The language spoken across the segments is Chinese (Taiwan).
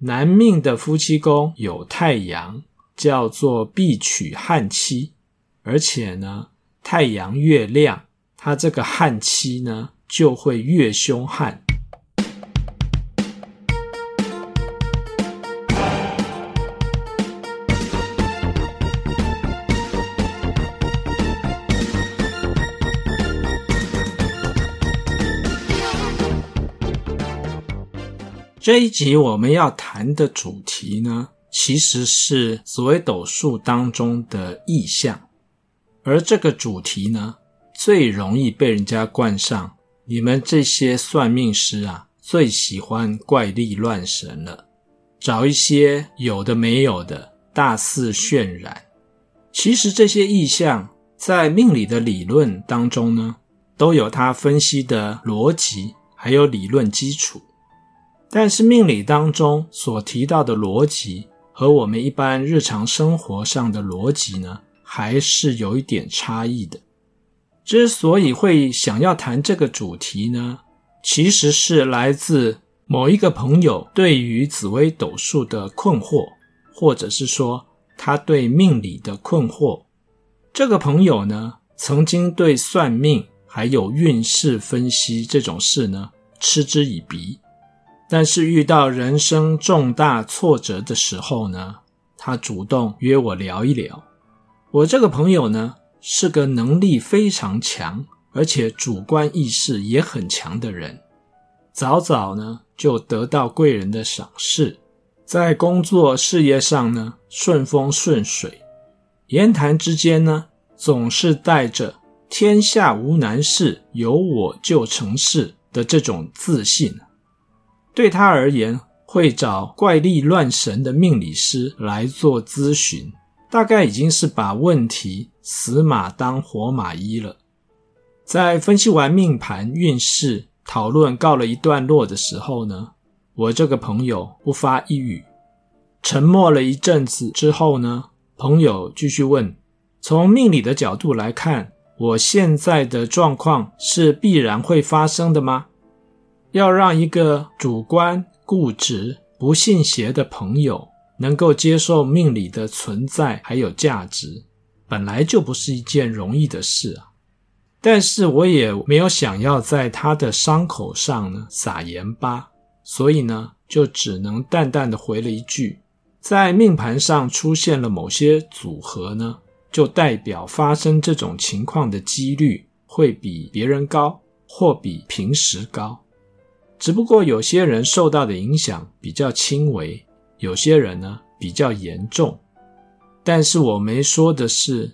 男命的夫妻宮有太陽，叫做必娶悍妻，而且呢，太陽越亮，他這個悍妻呢就會越凶悍。這一集我們要談的主題呢，其實是紫微斗數當中的意象，而這個主題呢，最容易被人家冠上，你們這些算命師啊，最喜歡怪力亂神了，找一些有的沒有的，大肆渲染。其實這些意象在命理的理論當中呢，都有它分析的邏輯，還有理論基礎。但是命理當中所提到的邏輯和我們一般日常生活上的邏輯呢，還是有一點差異的。之所以會想要談這個主題呢，其實是來自某一個朋友對於紫微斗數的困惑，或者是說他對命理的困惑。這個朋友呢，曾經對算命還有運勢分析這種事呢，嗤之以鼻。但是遇到人生重大挫折的時候呢，他主動約我聊一聊。我這個朋友呢，是個能力非常強，而且主觀意識也很強的人。早早呢就得到貴人的賞識，在工作事業上呢順風順水，言談之間呢總是帶着“天下無難事，有我就成事”的這種自信。對他而言，會找怪力亂神的命理師來做諮詢，大概已經是把問題死馬當活馬醫了。在分析完命盤運勢、討論告了一段落的時候呢，我這個朋友不發一語，沉默了一陣子之後呢，朋友繼續問：“從命理的角度來看，我現在的狀況是必然會發生的嗎？”要讓一個主觀、固執、不信邪的朋友能夠接受命理的存在還有價值，本來就不是一件容易的事啊。但是我也沒有想要在他的傷口上呢撒鹽巴，所以呢，就只能淡淡的回了一句：“在命盤上出現了某些組合呢，就代表發生這種情況的幾率會比別人高，或比平時高。”只不過有些人受到的影響比較輕微，有些人呢比較嚴重。但是我沒說的是，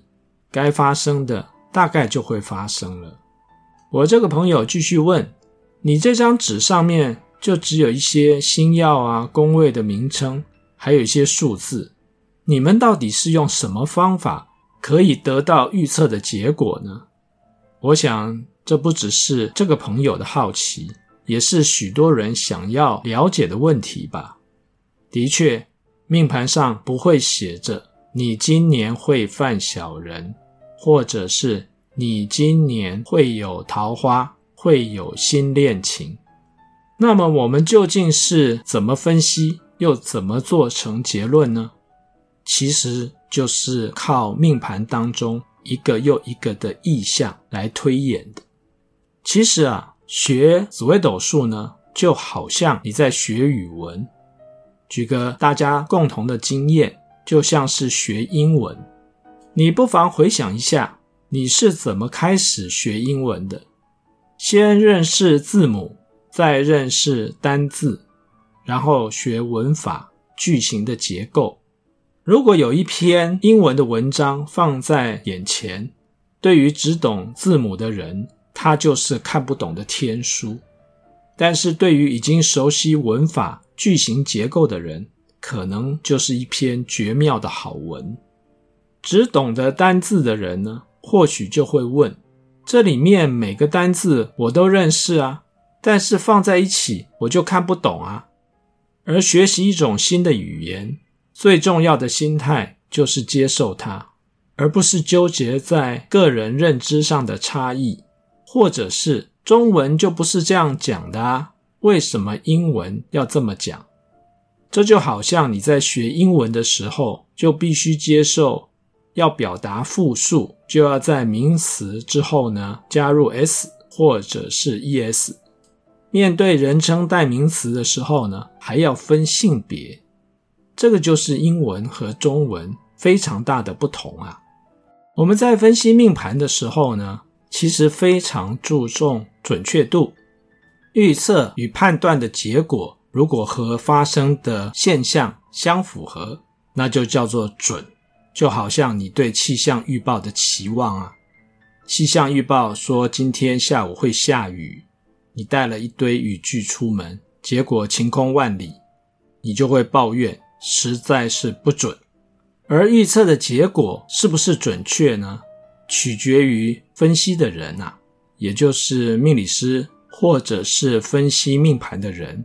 該發生的大概就會發生了。我這個朋友繼續問：“你這張紙上面就只有一些星曜啊、宮位的名稱，還有一些數字，你們到底是用什麼方法可以得到預測的結果呢？”我想，這不只是這個朋友的好奇。也是許多人想要了解的問題吧。的確，命盤上不會寫着你今年會犯小人，或者是你今年會有桃花，會有新戀情。那麼，我們究竟是怎麼分析，又怎麼做成結論呢？其實就是靠命盤當中一個又一個的意象來推演的。其實啊。學紫微斗數呢，就好像你在學語文。舉個大家共同的經驗，就像是學英文。你不妨回想一下，你是怎麼開始學英文的？先認識字母，再認識單字，然後學文法、句型的結構。如果有一篇英文的文章放在眼前，對於只懂字母的人，它就是看不懂的天書，但是對於已經熟悉文法句型結構的人，可能就是一篇絕妙的好文。只懂得單字的人呢，或許就會問，這裡面每個單字我都認識啊，但是放在一起我就看不懂啊。而學習一種新的語言，最重要的心態就是接受它，而不是糾結在個人認知上的差異。或者是中文就不是這樣講的啊，為什麼英文要這麼講？這就好像你在學英文的時候就必須接受，要表達複數就要在名詞之後呢加入 s 或者是 es。面對人稱代名詞的時候呢，還要分性別。這個就是英文和中文非常大的不同啊。我們在分析命盤的時候呢。其實非常注重準確度，預測與判斷的結果如果和發生的現象相符合，那就叫做準。就好像你對氣象預報的期望啊，氣象預報說今天下午會下雨，你帶了一堆雨具出門，結果晴空萬里，你就會抱怨實在是不準。而預測的結果是不是準確呢？取決於分析的人吶、啊，也就是命理師或者是分析命盤的人，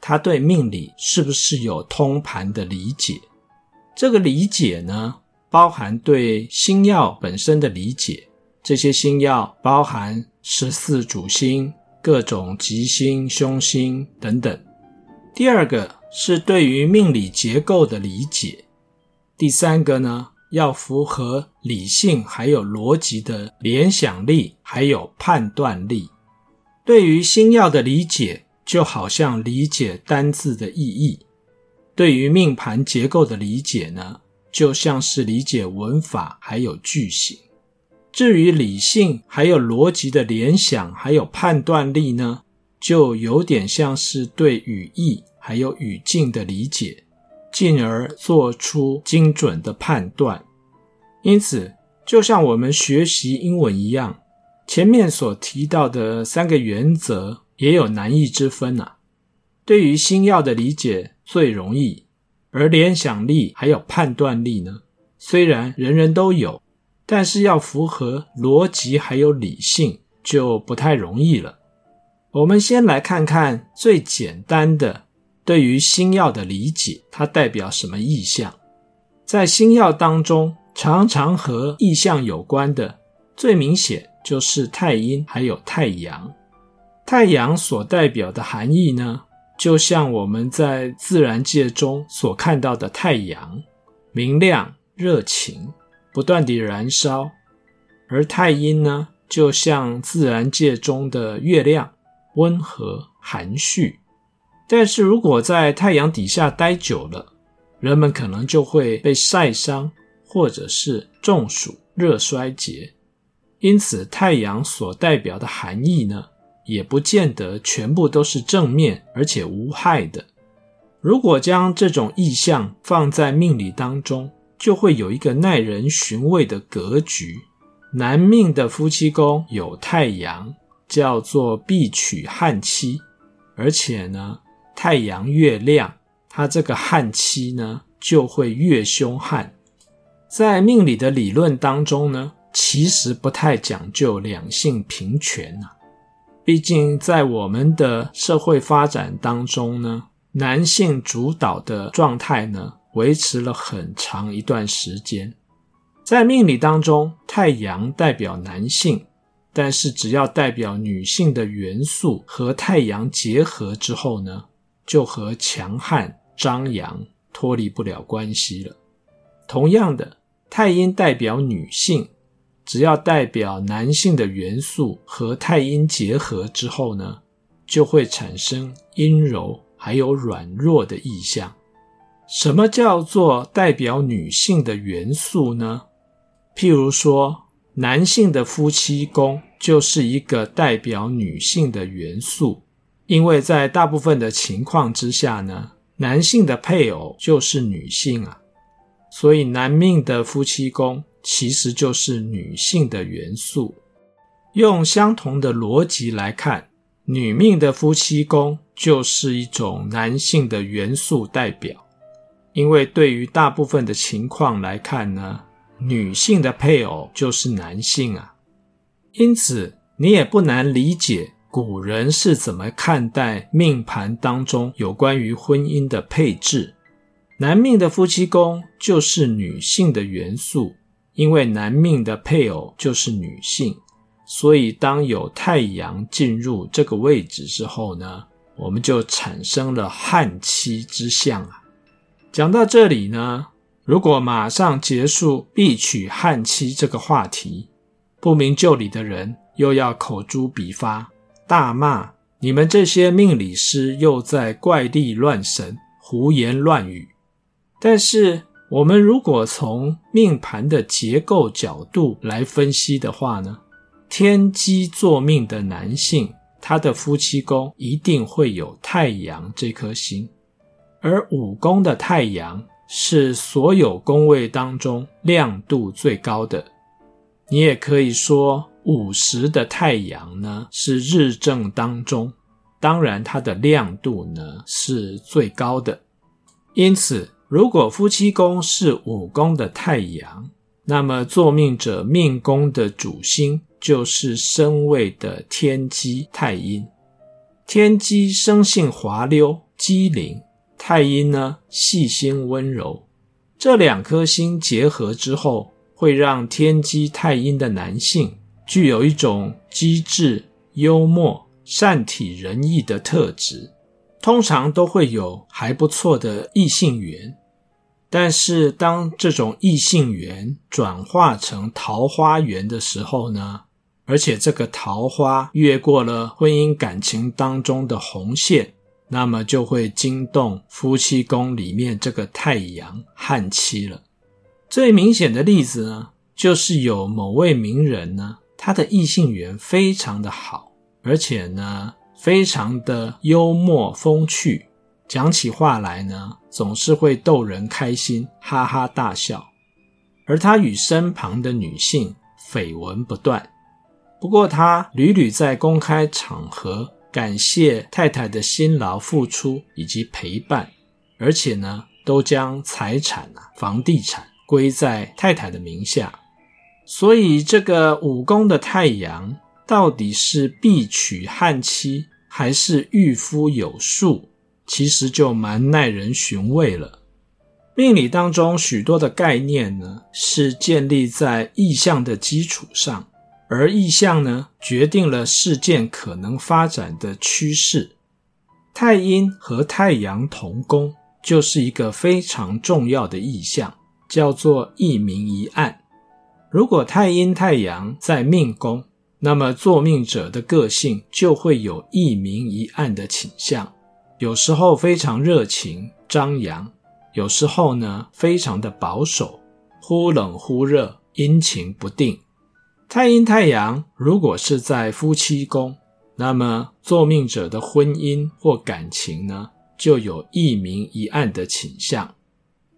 他對命理是不是有通盤的理解？這個理解呢，包含對星曜本身的理解，這些星曜包含十四主星、各種吉星、凶星等等。第二個是對於命理結構的理解，第三個呢？要符合理性，還有邏輯的聯想力，還有判斷力。對於星曜的理解，就好像理解單字的意義；對於命盤結構的理解呢，就像是理解文法還有句型。至於理性還有邏輯的聯想，還有判斷力呢，就有點像是對語義還有語境的理解。進而做出精準的判斷。因此，就像我們學習英文一樣，前面所提到的三個原則也有難易之分啊，對於星曜的理解最容易，而聯想力還有判斷力呢，雖然人人都有，但是要符合邏輯還有理性就不太容易了。我們先來看看最簡單的。對於星曜的理解，它代表什麼意象？在星曜當中，常常和意象有關的，最明顯就是太陰還有太陽。太陽所代表的含義呢，就像我們在自然界中所看到的太陽，明亮、熱情，不斷地燃燒；而太陰呢，就像自然界中的月亮，溫和、含蓄。但是如果在太陽底下待久了，人們可能就會被曬傷，或者是中暑、熱衰竭。因此，太陽所代表的含義呢，也不見得全部都是正面而且無害的。如果將這種意象放在命理當中，就會有一個耐人尋味的格局。男命的夫妻宮有太陽，叫做必娶悍妻，而且呢。太陽越亮，它這個悍妻呢，就會越兇悍。在命理的理論當中呢，其實不太講究兩性平權吶、啊。畢竟在我們的社會發展當中呢，男性主導的狀態呢，維持了很長一段時間。在命理當中，太陽代表男性，但是只要代表女性的元素和太陽結合之後呢，就和強悍張揚脫離不了關係了。同樣的，太陰代表女性，只要代表男性的元素和太陰結合之後呢，就會產生陰柔還有軟弱的意象。什麼叫做代表女性的元素呢？譬如說，男性的夫妻宮就是一個代表女性的元素。因為在大部分的情況之下呢，男性的配偶就是女性啊，所以男命的夫妻宮其實就是女性的元素。用相同的邏輯來看，女命的夫妻宮就是一種男性的元素代表。因為對於大部分的情況來看呢，女性的配偶就是男性啊，因此你也不難理解。古人是怎麼看待命盤當中有關於婚姻的配置？男命的夫妻宮就是女性的元素，因為男命的配偶就是女性，所以當有太陽進入這個位置之後呢，我們就產生了悍妻之象啊。講到這裡呢，如果馬上結束“必娶悍妻”這個話題，不明就裡的人又要口誅筆伐。大罵你們這些命理師又在怪力亂神、胡言亂語。但是，我們如果從命盤的結構角度來分析的話呢，天機坐命的男性，他的夫妻宮一定會有太陽這顆星，而午宮的太陽是所有宮位當中亮度最高的。你也可以說。午時的太陽呢，是日正當中，當然它的亮度呢是最高的。因此，如果夫妻宮是午宮的太陽，那麼坐命者命宮的主星就是申位的天機太陰。天機生性滑溜機靈，太陰呢細心溫柔。這兩顆星結合之後，會讓天機太陰的男性。具有一種機智、幽默、善體人意的特質，通常都會有還不錯的異性緣。但是，當這種異性緣轉化成桃花緣的時候呢，而且這個桃花越過了婚姻感情當中的紅線，那麼就會驚動夫妻宮裡面這個太陽悍妻了。最明顯的例子呢，就是有某位名人呢。他的異性緣非常的好，而且呢，非常的幽默風趣，講起話來呢，總是會逗人開心，哈哈大笑。而他與身旁的女性緋聞不斷，不過他屢屢在公開場合感謝太太的辛勞付出以及陪伴，而且呢，都將財產啊，房地產歸在太太的名下。所以，這個五宮的太陽到底是必娶悍妻還是馭夫有術，其實就蠻耐人尋味了。命理當中許多的概念呢，是建立在意象的基礎上，而意象呢，決定了事件可能發展的趨勢。太陰和太陽同宮，就是一個非常重要的意象，叫做一明一暗。如果太陰、太陽在命宮，那麼坐命者的個性就會有一明一暗的傾向，有時候非常熱情張揚，有時候呢非常的保守，忽冷忽熱，陰晴不定。太陰、太陽如果是在夫妻宮，那麼坐命者的婚姻或感情呢，就有一明一暗的傾向，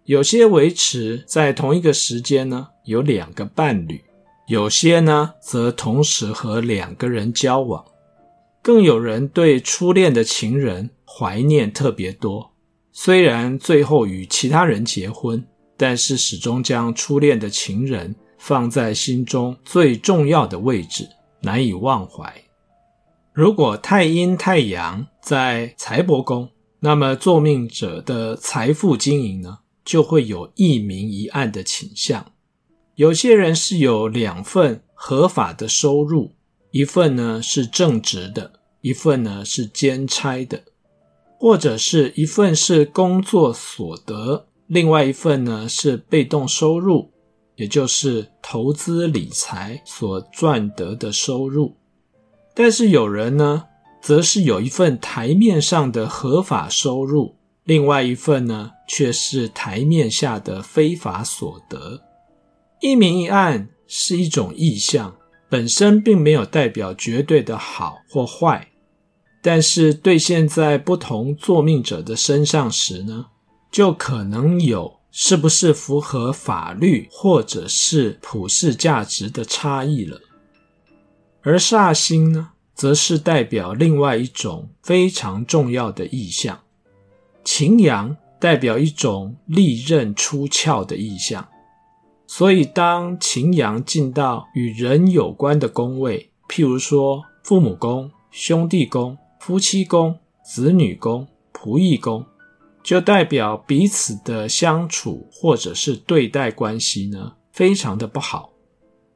有些維持在同一個時間呢，有兩個伴侶，有些呢則同時和兩個人交往，更有人對初戀的情人懷念特別多。雖然最後與其他人結婚，但是始終將初戀的情人放在心中最重要的位置，難以忘懷。如果太陰太陽在財帛宮，那麼坐命者的財富經營呢，就會有一明一暗的傾向。有些人是有兩份合法的收入，一份呢是正職的，一份呢是兼差的，或者是一份是工作所得，另外一份呢是被動收入，也就是投資理財所賺得的收入。但是有人呢，則是有一份台面上的合法收入，另外一份呢卻是台面下的非法所得。一明一暗是一種意象，本身並沒有代表絕對的好或壞，但是兌現在不同坐命者的身上時呢，就可能有是不是符合法律或者是普世價值的差異了。而煞星呢，則是代表另外一種非常重要的意象，擎羊代表一種利刃出鞘的意象。所以，當擎羊進到與人有關的宮位，譬如說父母宮、兄弟宮、夫妻宮、子女宮、僕役宮，就代表彼此的相處或者是對待關係呢，非常的不好，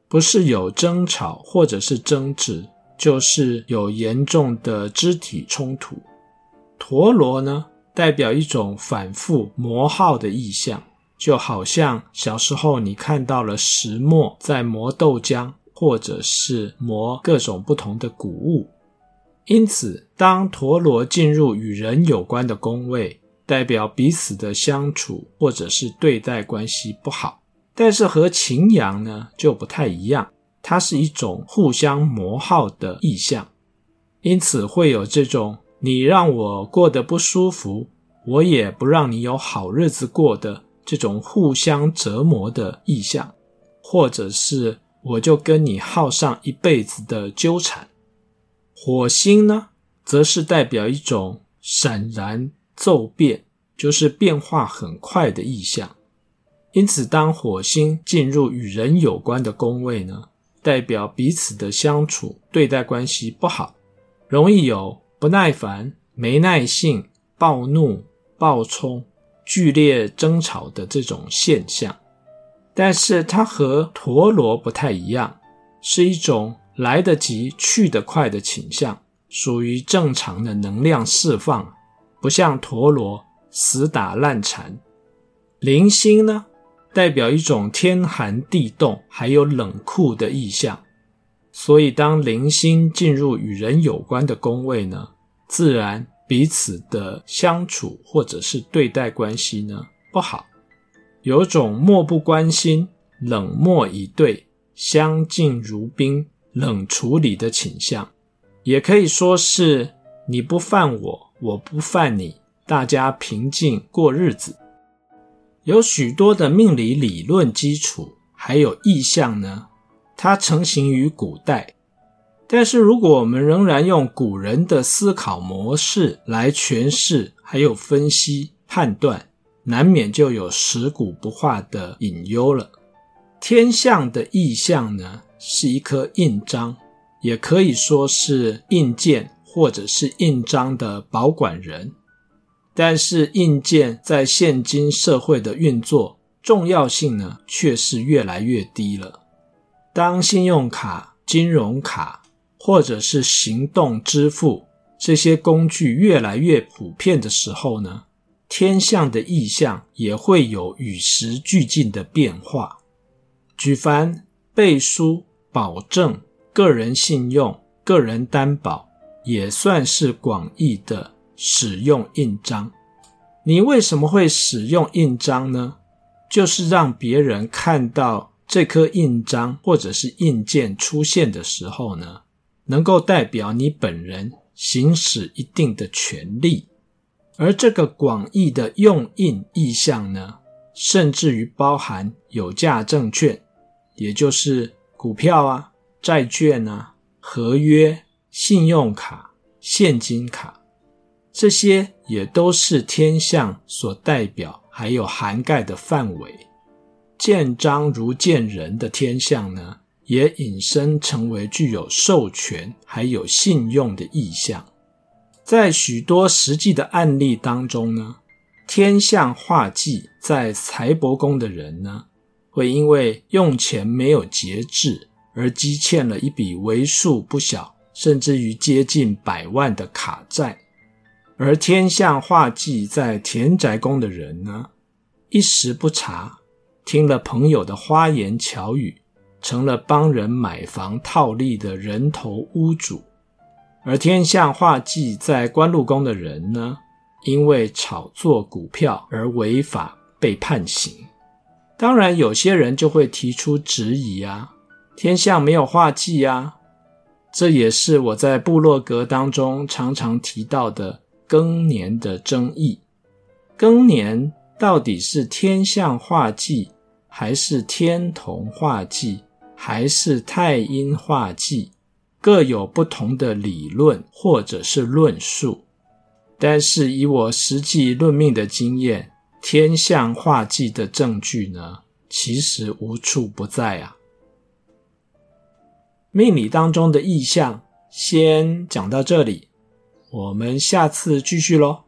不是有爭吵或者是爭執，就是有嚴重的肢體衝突。陀羅呢，代表一種反覆磨耗的意象。就好像小時候你看到了石磨在磨豆漿，或者是磨各種不同的谷物。因此，當陀羅進入與人有關的宮位，代表彼此的相處或者是對待關係不好。但是和擎羊呢就不太一樣，它是一種互相磨耗的意象，因此會有這種你讓我過得不舒服，我也不讓你有好日子過的。這種互相折磨的意象，或者是我就跟你耗上一輩子的糾纏。火星呢，則是代表一種閃然驟變，就是變化很快的意象。因此，當火星進入與人有關的宮位呢，代表彼此的相處、對待關係不好，容易有不耐煩、沒耐性、暴怒、暴衝。劇烈爭吵的這種現象，但是它和陀羅不太一樣，是一種來得及去得快的傾向，屬於正常的能量釋放，不像陀羅死打爛纏。鈴星呢，代表一種天寒地凍，還有冷酷的意象，所以當鈴星進入與人有關的宮位呢，自然，彼此的相處或者是對待關係呢，不好，有種漠不關心、冷漠以對、相敬如賓、冷處理的傾向，也可以說是你不犯我，我不犯你，大家平靜過日子。有許多的命理理論基礎，還有意象呢，它成型於古代。但是，如果我們仍然用古人的思考模式來詮釋、還有分析、判斷，難免就有食古不化的隱憂了。天相的意象呢，是一顆印章，也可以說是印鑑或者是印章的保管人。但是，印鑑在現今社會的運作重要性呢，卻是越來越低了。當信用卡、金融卡。或者是行動支付這些工具越來越普遍的時候呢，天相的意象也會有與時俱進的變化。舉凡背書、保證、個人信用、個人擔保，也算是廣義的使用印章。你為什麼會使用印章呢？就是讓別人看到這顆印章或者是印鑑出現的時候呢，能夠代表你本人行使一定的權利，而這個廣義的用印意象呢，甚至於包含有價證券，也就是股票啊、債券啊、合約、信用卡、現金卡，這些也都是天相所代表還有涵蓋的範圍。見章如見人的天相呢，也引申成為具有授權還有信用的意象，在許多實際的案例當中呢，天相化忌在財帛宮的人呢，會因為用錢沒有節制而積欠了一筆為數不小，甚至於接近百萬的卡債；而天相化忌在田宅宮的人呢，一時不察，聽了朋友的花言巧語。成了幫人買房套利的人頭屋主，而天相化忌在官祿宮的人呢，因為炒作股票而違法被判刑。當然，有些人就會提出質疑啊，天相沒有化忌啊，這也是我在部落格當中常常提到的庚年的爭議。庚年到底是天相化忌還是天同化忌？還是太陰化忌，各有不同的理論或者是論述。但是以我實際論命的經驗，天相化忌的證據呢，其實無處不在啊。命理當中的意象，先講到這裡，我們下次繼續嘍。